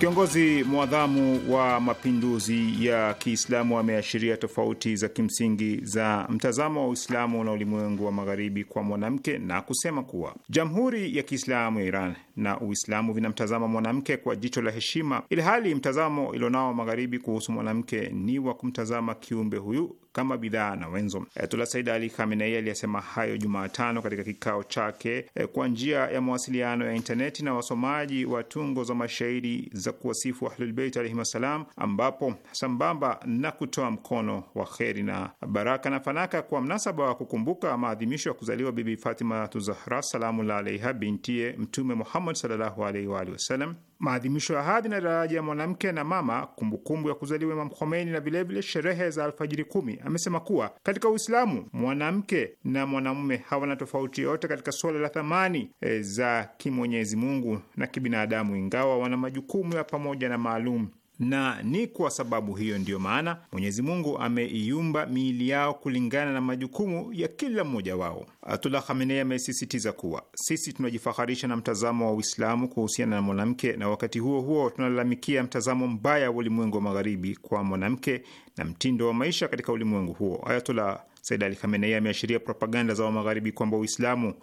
Kiongozi mwadhamu wa mapinduzi ya Kiislamu ameashiria tofauti za kimsingi za mtazamo wa Uislamu na ulimwengu wa Magharibi kwa mwanamke na kusema kuwa Jamhuri ya Kiislamu ya Iran na Uislamu vinamtazama mwanamke kwa jicho la heshima, ilhali mtazamo ilionao Magharibi kuhusu mwanamke ni wa kumtazama kiumbe huyu kama bidhaa na wenzo. Ayatullah eh, Said Ali Khamenei aliyesema hayo Jumatano katika kikao chake eh, kwa njia ya mawasiliano ya intaneti na wasomaji wa tungo za mashairi za kuwasifu Ahlulbeit alaihim wassalam, ambapo sambamba na kutoa mkono wa kheri na baraka na fanaka kwa mnasaba wa kukumbuka maadhimisho ya kuzaliwa Bibi Fatima Tuzahra salamullah alaiha bintiye Mtume Muhammad sallallahu alaihi waalihi wasalam maadhimisho ya hadhi na daraja ya mwanamke na mama, kumbukumbu kumbu ya kuzaliwa Imam Khomeini na vilevile sherehe za alfajiri kumi. Amesema kuwa katika Uislamu mwanamke na mwanamume hawana tofauti yoyote katika suala la thamani e, za kimwenyezi Mungu na kibinadamu, ingawa wana majukumu ya pamoja na maalum na ni kwa sababu hiyo ndiyo maana Mwenyezi Mungu ameiumba miili yao kulingana na majukumu ya kila mmoja wao. Ayatullah Khamenei amesisitiza kuwa sisi tunajifaharisha na mtazamo wa Uislamu kuhusiana na mwanamke, na wakati huo huo tunalalamikia mtazamo mbaya wa ulimwengu wa magharibi kwa mwanamke na mtindo wa maisha katika ulimwengu huo. Ayatullah Said Ali Khamenei ameashiria propaganda za Wamagharibi kwamba Uislamu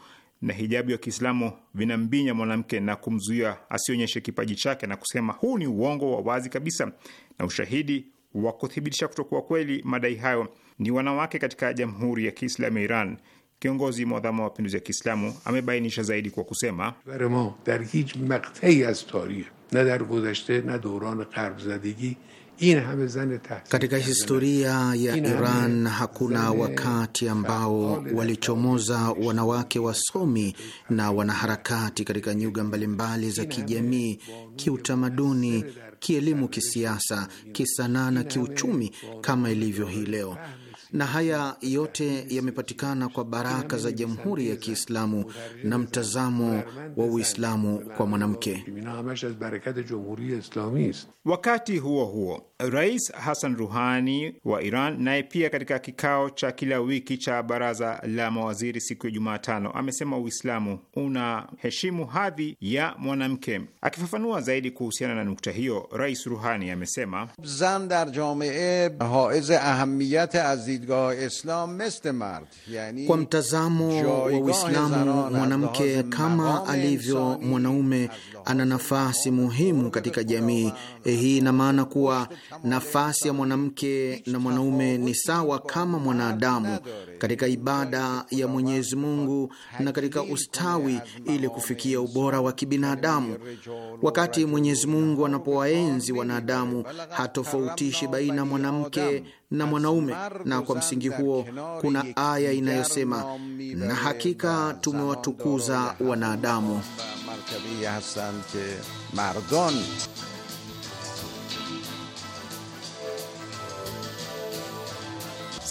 na hijabu ya Kiislamu vinambinya mwanamke na kumzuia asionyeshe kipaji chake na kusema huu ni uongo wa wazi kabisa. Na ushahidi wa kuthibitisha kutokuwa kweli madai hayo ni wanawake katika Jamhuri ya Kiislamu ya Iran. Kiongozi mwadhamu wa mapinduzi ya Kiislamu amebainisha zaidi kwa kusema, dar hich maktei az tarikh na dar godashte na doran gharb zadegi katika historia ya Iran hakuna wakati ambao walichomoza wanawake wasomi na wanaharakati katika nyuga mbalimbali za kijamii, kiutamaduni, kielimu, kisiasa, kisanaa na kiuchumi kama ilivyo hii leo na haya yote yamepatikana kwa baraka za Jamhuri ya Kiislamu na mtazamo wa Uislamu kwa mwanamke. Wakati huo huo, Rais Hassan Ruhani wa Iran naye pia katika kikao cha kila wiki cha baraza la mawaziri siku ya Jumatano amesema Uislamu unaheshimu hadhi ya mwanamke. Akifafanua zaidi kuhusiana na nukta hiyo, Rais Ruhani amesema zan dar jamee haiz ahamiyat azid kwa mtazamo wa Uislamu, mwanamke kama alivyo mwanaume ana nafasi muhimu katika jamii. Eh, hii ina maana kuwa nafasi ya mwanamke na mwanaume ni sawa kama mwanadamu katika ibada ya Mwenyezi Mungu na katika ustawi, ili kufikia ubora wa kibinadamu. Wakati Mwenyezi Mungu anapowaenzi wanadamu, hatofautishi baina mwanamke na mwanaume, na kwa msingi huo kuna aya inayosema, na hakika tumewatukuza wanadamu.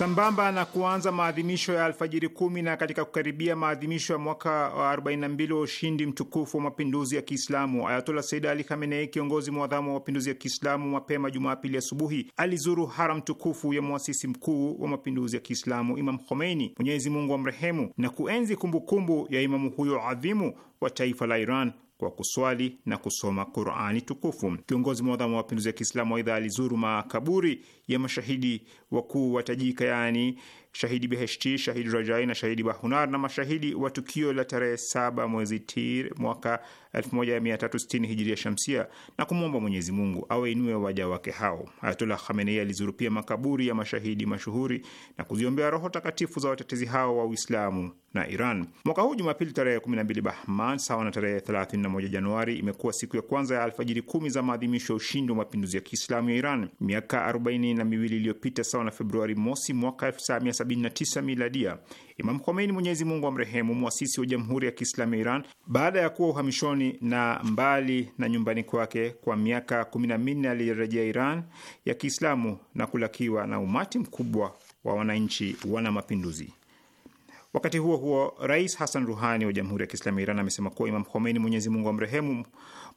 sambamba na kuanza maadhimisho ya alfajiri kumi na katika kukaribia maadhimisho ya mwaka wa 42 wa ushindi mtukufu wa mapinduzi ya Kiislamu, Ayatola Said Ali Khamenei, kiongozi mwadhamu wa mapinduzi ya Kiislamu, mapema Jumapili asubuhi alizuru haram tukufu ya mwasisi mkuu wa mapinduzi ya Kiislamu, Imam Khomeini, Mwenyezi Mungu mrehemu na kuenzi kumbukumbu ya imamu huyo adhimu wa taifa la Iran kwa kuswali na kusoma Qurani tukufu. Kiongozi mwadhamu wa mapinduzi ya Kiislamu aidha alizuru makaburi ya mashahidi wakuu wa tajika, yaani shahidi Beheshti, shahidi Rajai na shahidi Bahunar na mashahidi wa tukio la tarehe saba mwezi Tir mwaka 1360 hijiria shamsia na kumwomba Mwenyezi Mungu awainue waja wake hao. Ayatullah Khamenei alizuru pia makaburi ya mashahidi mashuhuri na kuziombea roho takatifu za watetezi hao wa Uislamu na Iran. Mwaka huu Jumapili tarehe 12 Bahman sawa na tarehe 31 Januari imekuwa siku ya kwanza ya alfajiri kumi za maadhimisho ya ushindi wa mapinduzi ya Kiislamu ya Iran. Miaka arobaini na miwili iliyopita sawa na Februari mosi mwaka 1979 miladia Imam Khomeini, Mwenyezi Mungu amrehemu, mwasisi wa Jamhuri ya Kiislamu ya Iran, baada ya kuwa uhamishoni na mbali na nyumbani kwake kwa miaka kumi na minne, alirejea Iran ya Kiislamu na kulakiwa na umati mkubwa wa wananchi wana mapinduzi. Wakati huo huo, Rais Hassan Ruhani wa Jamhuri ya Kiislamu ya Iran amesema kuwa Imam Khomeini, Mwenyezi Mungu amrehemu,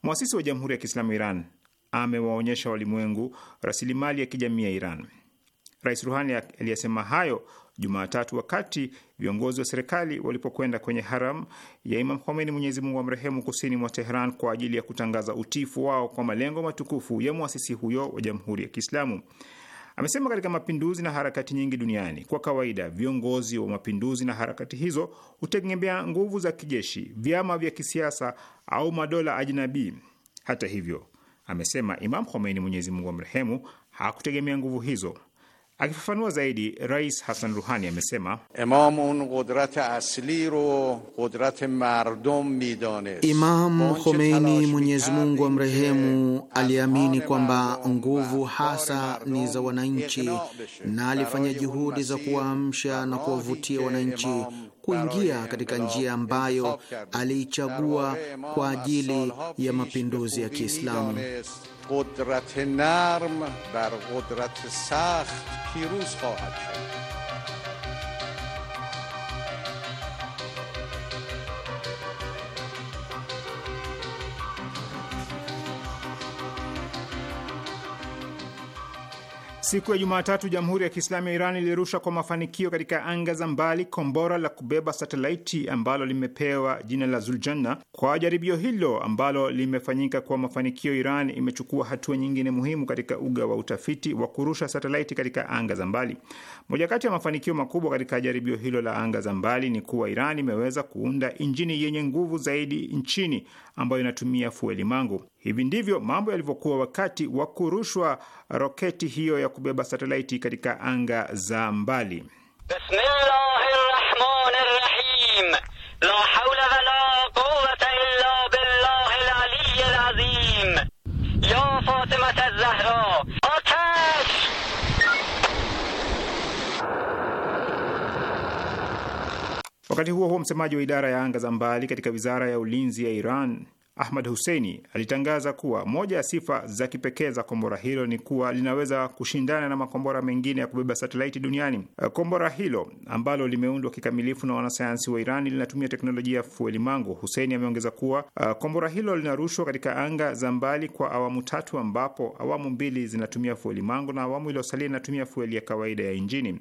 mwasisi wa Jamhuri ya Kiislamu ya Iran, amewaonyesha walimwengu rasilimali ya kijamii ya Iran. Rais Ruhani aliyesema hayo Jumatatu wakati viongozi wa serikali walipokwenda kwenye haram ya Imam Khomeini, Mwenyezi Mungu amrehemu, kusini mwa Tehran kwa ajili ya kutangaza utifu wao kwa malengo matukufu ya mwasisi huyo wa Jamhuri ya Kiislamu. Amesema katika mapinduzi na harakati nyingi duniani, kwa kawaida viongozi wa mapinduzi na harakati hizo hutegemea nguvu za kijeshi, vyama vya kisiasa au madola ajnabii. Hata hivyo, amesema Imam Khomeini, Mwenyezi Mungu amrehemu, hakutegemea nguvu hizo Akifafanua zaidi, Rais Hassan Ruhani amesema Imamu Khomeini, Mwenyezi Mungu amrehemu, aliamini kwamba nguvu hasa ni za wananchi, na alifanya juhudi za kuwaamsha na kuwavutia wananchi kuingia katika njia ambayo aliichagua kwa ajili ya mapinduzi ya Kiislamu. قدرت نرم بر قدرت سخت پیروز خواهد شد Siku ya Jumatatu, Jamhuri ya Kiislamu ya Iran ilirusha kwa mafanikio katika anga za mbali kombora la kubeba satelaiti ambalo limepewa jina la Zuljanna. Kwa jaribio hilo ambalo limefanyika kwa mafanikio, Iran imechukua hatua nyingine muhimu katika uga wa utafiti wa kurusha satelaiti katika anga za mbali. Moja kati ya mafanikio makubwa katika jaribio hilo la anga za mbali ni kuwa Iran imeweza kuunda injini yenye nguvu zaidi nchini ambayo inatumia fueli mangu. Hivi ndivyo mambo yalivyokuwa wakati wa kurushwa roketi hiyo ya kubeba satelaiti katika anga za mbali. Wakati huo huo, msemaji wa idara ya anga za mbali katika wizara ya ulinzi ya Iran Ahmad Huseini alitangaza kuwa moja ya sifa za kipekee za kombora hilo ni kuwa linaweza kushindana na makombora mengine ya kubeba satelaiti duniani. Eh, kombora hilo ambalo limeundwa kikamilifu na wanasayansi wa Irani linatumia teknolojia ya mangu Huseini ameongeza kuwa eh, kombora hilo linarushwa katika anga za mbali kwa awamu tatu, ambapo awamu mbili zinatumia fueli mangu na awamu iliyosalia inatumia fueli ya kawaida ya injini.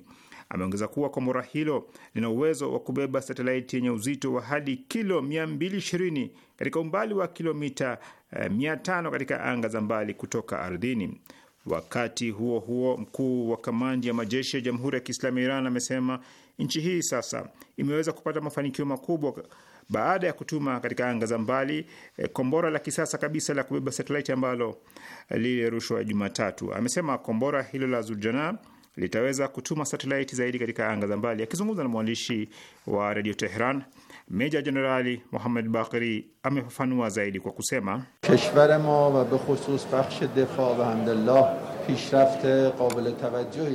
Ameongeza kuwa kombora hilo lina uwezo wa kubeba satelaiti yenye uzito wa hadi kilo 220 katika umbali wa kilomita 500 eh, katika anga za mbali kutoka ardhini. Wakati huo huo, mkuu wa kamandi ya majeshi ya Jamhuri ya Kiislamu ya Iran amesema nchi hii sasa imeweza kupata mafanikio makubwa baada ya kutuma katika anga za mbali e, kombora la kisasa kabisa la kubeba satelaiti ambalo lilirushwa Jumatatu. Amesema kombora hilo la Zuljana litaweza kutuma satelaiti zaidi katika anga za mbali. Akizungumza na mwandishi wa redio Tehran, meja jenerali Muhammad Bakri amefafanua zaidi kwa kusema,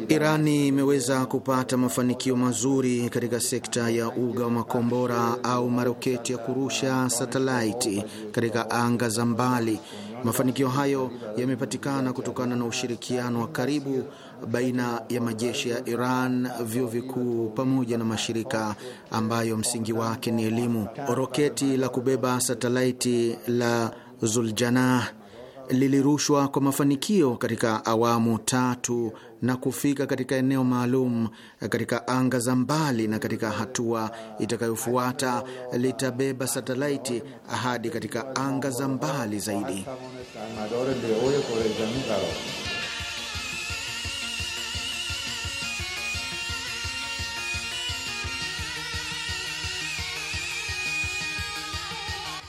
Irani imeweza kupata mafanikio mazuri katika sekta ya uga wa makombora au maroketi ya kurusha satelaiti katika anga za mbali Mafanikio hayo yamepatikana kutokana na ushirikiano wa karibu baina ya majeshi ya Iran, vyuo vikuu pamoja na mashirika ambayo msingi wake ni elimu. Roketi la kubeba satelaiti la Zuljanah lilirushwa kwa mafanikio katika awamu tatu na kufika katika eneo maalum katika anga za mbali, na katika hatua itakayofuata litabeba satelaiti hadi katika anga za mbali zaidi.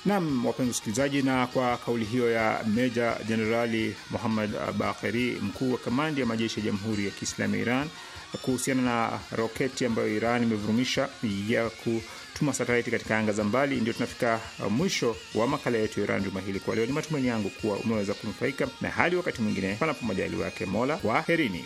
Nam, wapenzi wasikilizaji, na kwa kauli hiyo ya meja jenerali Muhammad Bakeri, mkuu wa kamandi ya majeshi ya Jamhuri ya Kiislamu ya Iran kuhusiana na roketi ambayo Iran imevurumisha ya kutuma satelaiti katika anga za mbali, ndio tunafika mwisho wa makala yetu ya Iran juma hili kwa leo. Ni matumaini yangu kuwa umeweza kunufaika, na hadi wakati mwingine, panapo majaliwa yake Mola, herini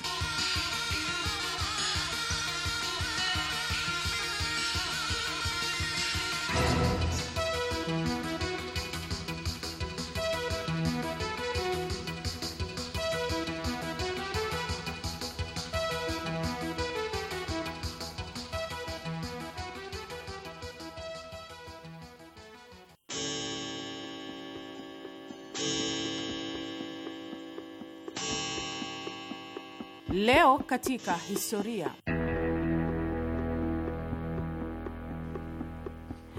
Leo katika historia.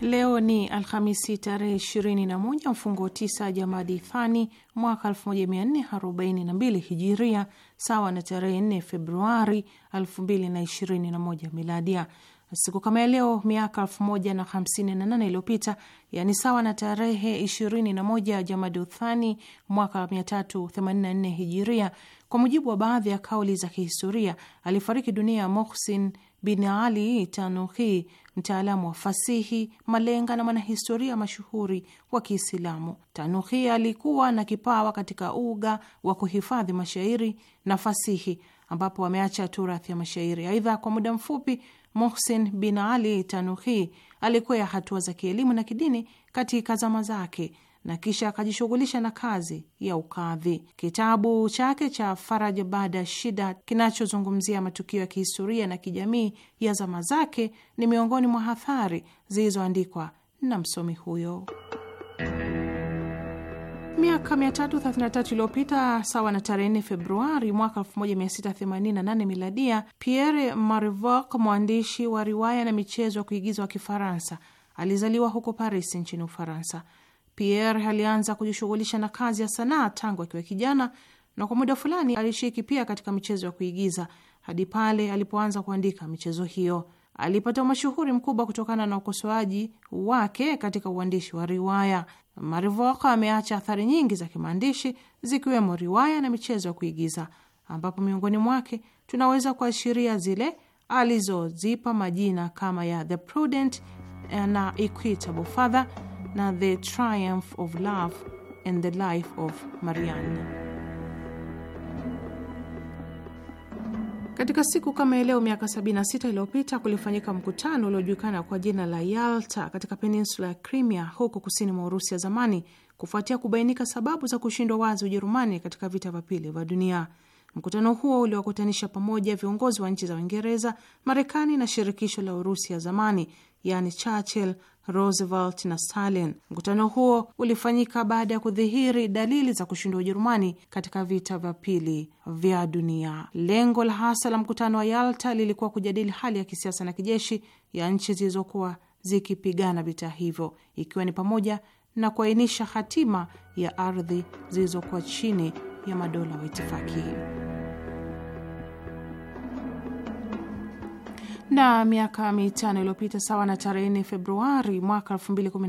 Leo ni Alhamisi tarehe 21 mfungo 9 Jamadi Thani mwaka 1442 Hijiria, sawa na tarehe 4 Februari 2021 Miladia. Siku kama ya leo miaka 1058 iliyopita, yani sawa na tarehe 21 Jamaduthani mwaka 384 Hijiria, kwa mujibu wa baadhi ya kauli za kihistoria, alifariki dunia ya Mohsin bin Ali Tanuhi, mtaalamu wa fasihi, malenga na mwanahistoria mashuhuri wa Kiislamu. Tanuhi alikuwa na kipawa katika uga wa kuhifadhi mashairi na fasihi, ambapo ameacha turathi ya mashairi. Aidha, kwa muda mfupi Mohsin bin Ali Tanuhi ya hatua za kielimu na kidini katika zama zake na kisha akajishughulisha na kazi ya ukadhi Kitabu chake cha Faraja baada ya shida, kinachozungumzia matukio ya kihistoria na kijamii ya zama zake, ni miongoni mwa hathari zilizoandikwa na msomi huyo. Miaka 333 iliyopita sawa na tarehe 4 Februari mwaka 1688 miladia, Pierre Marivaux, mwandishi wa riwaya na michezo ya kuigiza wa Kifaransa, alizaliwa huko Paris nchini Ufaransa. Pierre alianza kujishughulisha na kazi ya sanaa tangu akiwa kijana na kwa muda fulani alishiriki pia katika michezo ya kuigiza hadi pale alipoanza kuandika michezo hiyo. Alipata mashuhuri mkubwa kutokana na ukosoaji wake katika uandishi wa riwaya. Marivoko ameacha athari nyingi za kimaandishi zikiwemo riwaya na michezo ya kuigiza, ambapo miongoni mwake tunaweza kuashiria zile alizozipa majina kama ya The Prudent na Equitable Father na The Triumph of Love and the Life of Marianne. Katika siku kama eleo miaka 76 iliyopita kulifanyika mkutano uliojulikana kwa jina la Yalta katika peninsula ya Crimea huko kusini mwa Urusi ya zamani kufuatia kubainika sababu za kushindwa wazi Ujerumani katika vita vya pili vya dunia. Mkutano huo uliwakutanisha pamoja viongozi wa nchi za Uingereza, Marekani na shirikisho la Urusi ya zamani yani Churchill, Roosevelt na Stalin. Mkutano huo ulifanyika baada ya kudhihiri dalili za kushindwa Ujerumani katika vita vya pili vya dunia. Lengo la hasa la mkutano wa Yalta lilikuwa kujadili hali ya kisiasa na kijeshi ya nchi zilizokuwa zikipigana vita hivyo, ikiwa ni pamoja na kuainisha hatima ya ardhi zilizokuwa chini ya madola wa itifaki. na miaka mitano iliyopita sawa na tarehe nne Februari mwaka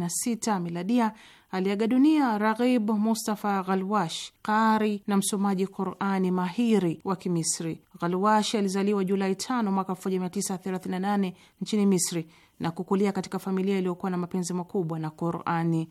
sita miladia aliaga dunia Raghib Mustafa Ghalwash, qari na msomaji Qurani mahiri wa Kimisri. Ghalwash alizaliwa Julai tano mwaka 1938 nchini Misri na kukulia katika familia iliyokuwa na mapenzi makubwa na Qurani.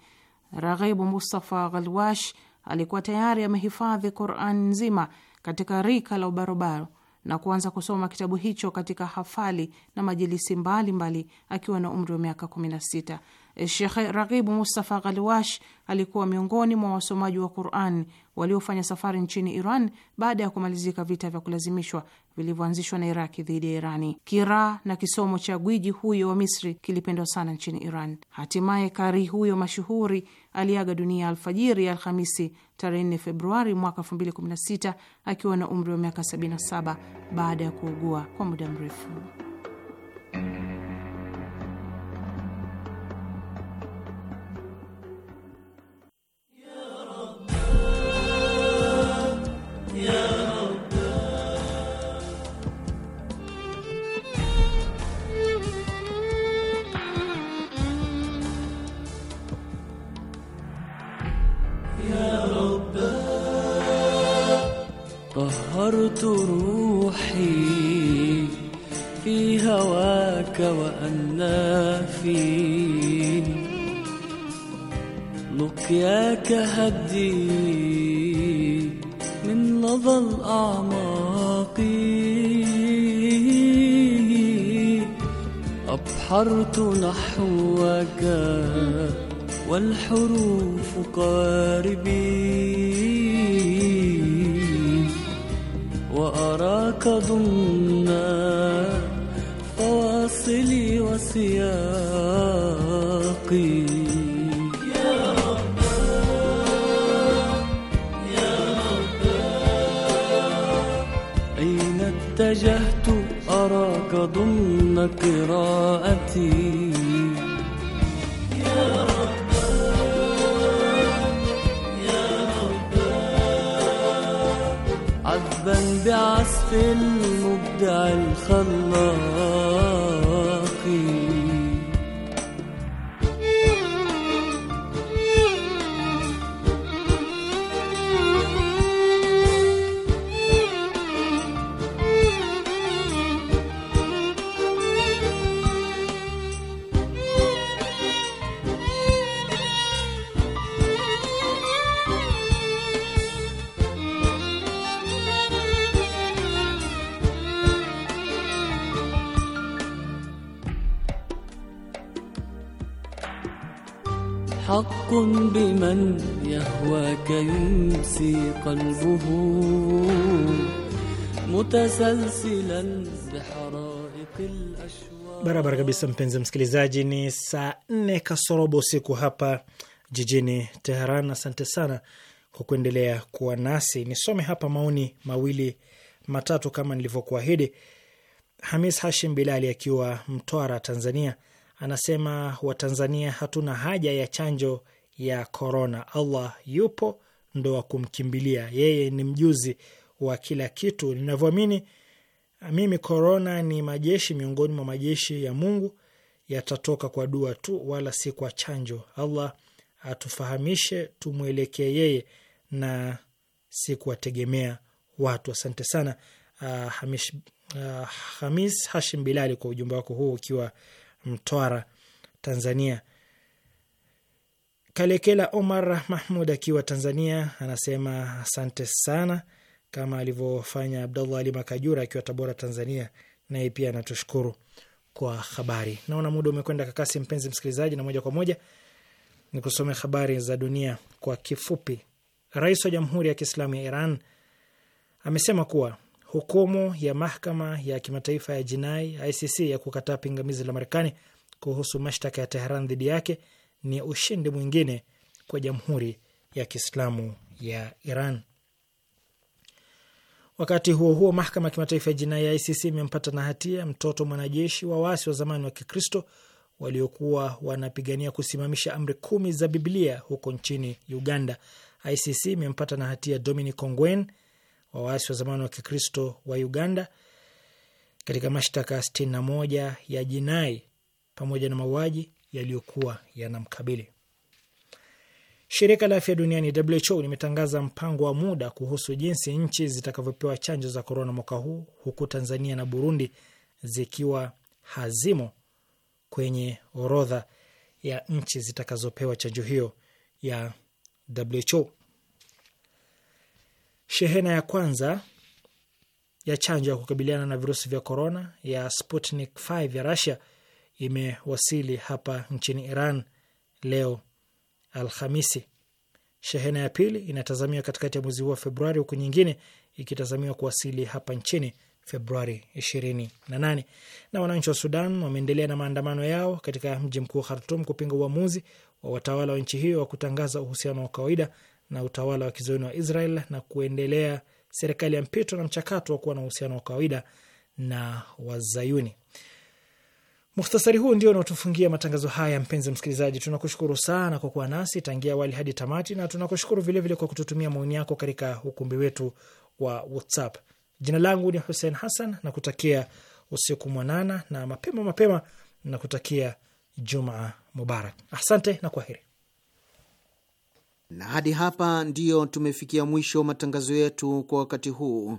Raghibu Mustafa Ghalwash alikuwa tayari amehifadhi Qurani nzima katika rika la ubarobaro na kuanza kusoma kitabu hicho katika hafali na majilisi mbalimbali akiwa na umri wa miaka kumi sita. Shekhe Ragibu Mustafa Ghalwash alikuwa miongoni mwa wasomaji wa Quran waliofanya safari nchini Iran baada ya kumalizika vita vya kulazimishwa vilivyoanzishwa na Iraki dhidi ya Irani. Kiraa na kisomo cha gwiji huyo wa Misri kilipendwa sana nchini Iran. Hatimaye kari huyo mashuhuri aliaga dunia alfajiri ya Alhamisi tarehe 4 Februari mwaka 2016 akiwa na umri wa miaka 77 baada ya kuugua kwa muda mrefu. أثمرت روحي في هواك وأنا في لقياك هدي من لظى الأعماق أبحرت نحوك والحروف قاربين أراك ضمنا فواصلي وسياقي اتجهت أراك ضمن قراءتي بمن يهواك يمسي قلبه متسلسلا بحرائق الأشواق barabara kabisa, mpenzi msikilizaji, ni saa nne kasorobo usiku hapa jijini Teheran. Asante sana kwa kuendelea kuwa nasi. Nisome hapa maoni mawili matatu kama nilivyokuahidi. Hamis Hashim Bilali akiwa Mtwara, Tanzania, anasema Watanzania hatuna haja ya chanjo ya korona. Allah yupo ndo wa kumkimbilia yeye, ni mjuzi wa kila kitu. Ninavyoamini mimi, korona ni majeshi miongoni mwa majeshi ya Mungu, yatatoka kwa dua tu, wala si kwa chanjo. Allah atufahamishe, tumwelekee yeye na si kuwategemea watu. Asante sana uh, Hamish, uh, Hamis Hashim Bilali kwa ujumbe wako huu ukiwa Mtwara, Tanzania. Kalekela Omar Mahmud akiwa Tanzania anasema asante sana, kama alivyofanya Abdallah Ali Makajura akiwa Tabora, Tanzania, naye pia anatushukuru kwa habari. Naona muda umekwenda kakasi, mpenzi msikilizaji, na moja kwa moja ni kusome habari za dunia kwa kifupi. Rais wa Jamhuri ya Kiislamu ya Iran amesema kuwa hukumu ya mahakama ya kimataifa ya jinai ICC ya kukataa pingamizi la Marekani kuhusu mashtaka ya Teheran dhidi yake ni ushindi mwingine kwa Jamhuri ya Kiislamu ya Iran. Wakati huo huo, mahakama ya kimataifa ya jinai ya ICC imempata na hatia mtoto mwanajeshi wa waasi wa zamani wa Kikristo waliokuwa wanapigania kusimamisha amri kumi za Biblia huko nchini Uganda. ICC imempata na hatia Dominic Ongwen wa waasi wa zamani wa Kikristo wa Uganda katika mashtaka 61 ya jinai pamoja na mauaji, yaliyokuwa yanamkabili. Shirika la afya duniani WHO limetangaza mpango wa muda kuhusu jinsi nchi zitakavyopewa chanjo za korona mwaka huu, huku Tanzania na Burundi zikiwa hazimo kwenye orodha ya nchi zitakazopewa chanjo hiyo ya WHO. Shehena ya kwanza ya chanjo ya kukabiliana na virusi vya korona ya Sputnik 5 ya Russia imewasili hapa nchini Iran leo Alhamisi. Shehena ya pili inatazamiwa katikati ya mwezi huu wa Februari, huku nyingine ikitazamiwa kuwasili hapa nchini Februari 28. Na wananchi wa Sudan wameendelea na maandamano yao katika mji mkuu Khartum kupinga uamuzi wa watawala wa nchi hiyo wa kutangaza uhusiano wa kawaida na utawala wa kizayuni wa Israel na kuendelea serikali ya mpito na mchakato wa kuwa na uhusiano wa kawaida na Wazayuni. Muhtasari huu ndio unaotufungia matangazo haya. Mpenzi msikilizaji, tunakushukuru sana kwa kuwa nasi tangia awali hadi tamati, na tunakushukuru vilevile kwa kututumia maoni yako katika ukumbi wetu wa WhatsApp. Jina langu ni Hussein Hassan na kutakia usiku mwanana na mapema mapema, na kutakia Jumaa Mubarak. Asante na kwaheri. Na hadi hapa ndiyo tumefikia mwisho matangazo yetu kwa wakati huu.